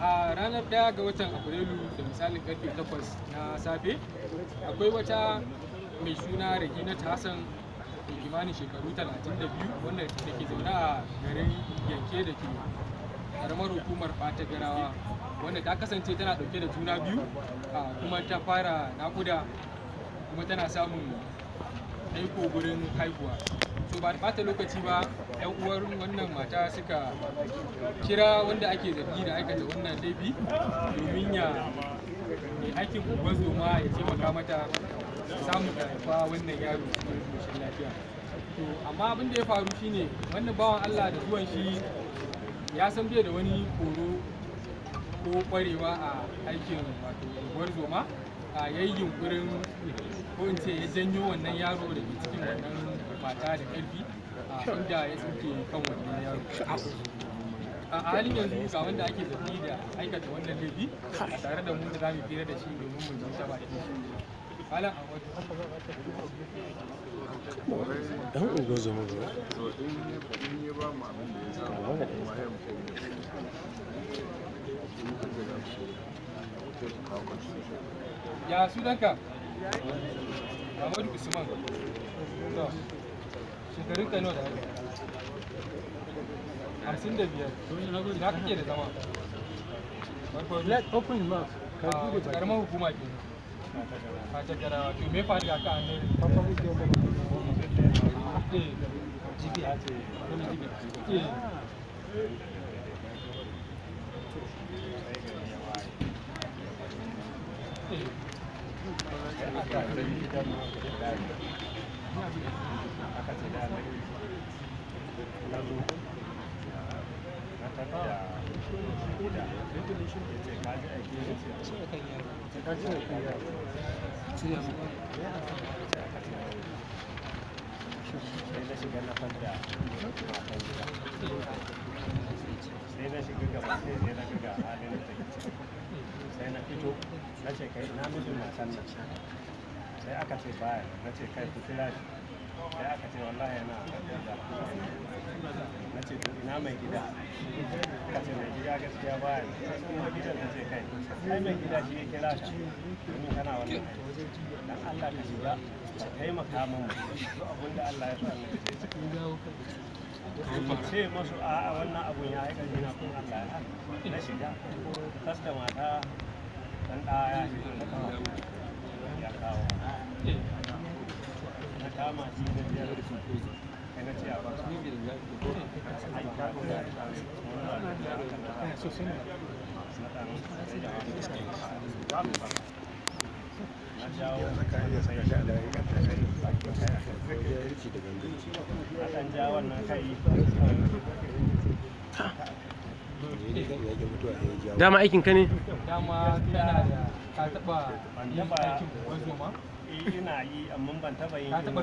a ranar ɗaya ga watan afrilu da misalin karfe 8 na safe akwai wata mai suna ta hassan da kimanin shekaru 32 wanda ke zaune a garin yanke da ke karamar hukumar fata garawa wanda ta kasance tana dauke da juna biyu kuma ta fara naƙuda kuma tana samun aiko gurin haihuwa so ba da bata lokaci ba yan uwar wannan mata suka kira wanda ake zargi da aikata wannan laifi domin ya mai aikin zoma ya taimaka mata samun karfa wannan yaro cikin lafiya to amma abin da ya faru shine wannan bawan Allah da zuwan shi ya san bai da wani koro ko kwarewa a aikin wato zoma. ya yunkurin ko ya janyo wannan yaro da ke cikin wannan mata da karfi inda ya tsinke kan wannan yaro a halin yanzu ga wanda ake zafi da aikata wannan laifi a tare da mu da fira da shi domin mu ya ba abin ya su ya Ahmadu Usman to shekarun ka nawa da haka hamsin da biyar ina kake da zama ah, karamar hukuma ke eh, a Thank you. Eh. Eh. sai na shiga gaba sai na halin sai na fito na ce kai ina mijin matan nan sai aka ce baya na ce kai ku kira shi sai aka ce wallahi yana na ce to ina mai gida ka ce mai gida gaskiya baya kuma gidan na ce kai sai mai gida shi ya kira ka domin kana wannan aiki dan Allah ka shiga ka taimaka min abinda Allah ya sa na ce ce masu a wannan abun ya haika jina kun Allah ya na shiga ko dan da ya shiga ya kawo na kama ci da biyar kai na ce a ba da dama aikin ka ne dama kana da Allah taba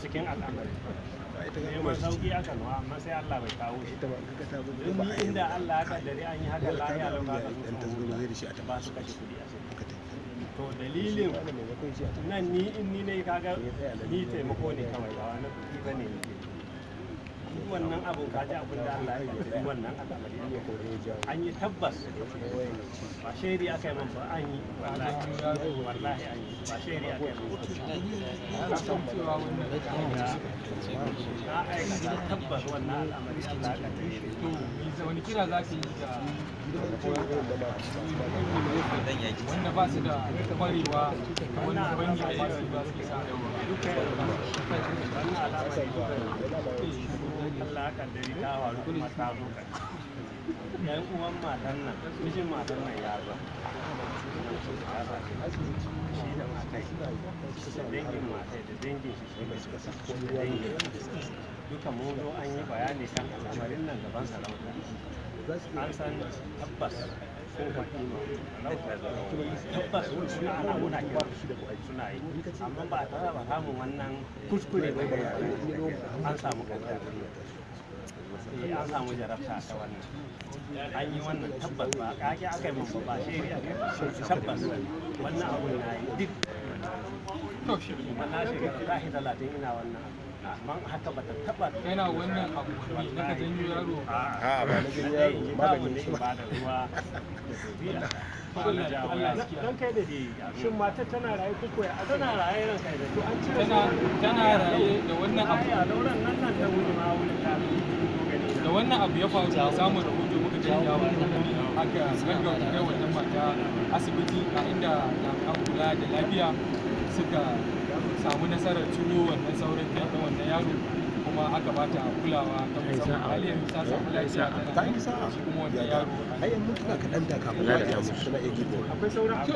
cikin al'amari neman sauki aka nuna amma sai Allah bai kawo shi domin inda Allah ya kaddare an yi haka lafiya lau ba ka ba su kashe kuɗi a to dalilin nan ni in ni ne kaga ni taimako ne kawai ba wani kuɗi ba ne wannan abin ka ji abin da Allah ya yi wannan an yi tabbas ba shaidi aka yi ba an yi wallahi an yi ba aka yi ba san cewa wannan na aikata tabbas wannan al'amari Allah ya yi to wani kira za ka yi ga wanda ba su da kwarewa kamar da ba su sa wannan al'amari Allah ya kaddari ta faru kuma ka yan uwan matan nan mijin matan nan ya zo shi da matai da dangin matai da dangin shi shi da dangin duka mun zo an yi bayani kan al'amarin nan gaban sarauta an san tabbas amma ba ta ba samun wannan kuskure ba da an samu an samu jarabta ta wannan an yi wannan tabbas ba kake aka yi mun ba shari'a tabbas wannan abun na yi duk na shekara ta talatin ina wannan amma haka ba ta taba yana wannan abu ne na ka janyo yaro a ba na janyo yaro eh, magani ne ba da ruwa don kai da shin mata tana raye tana raye ran kai da to an cire tana raye da wannan abu a lauran nan nan wuri ma wuri ta da wannan abu ya faru da samun rahoto muka je ya aka gaggauta kai wannan mata asibiti a inda jami'an kula da lafiya suka samu nasarar ciro wannan sauran da wannan yaro kuma aka bata kulawa ta musamman hali yanzu ta samu lafiya ta kuma wannan yaro ai yanzu kaɗan da kafin samu iya akwai sauran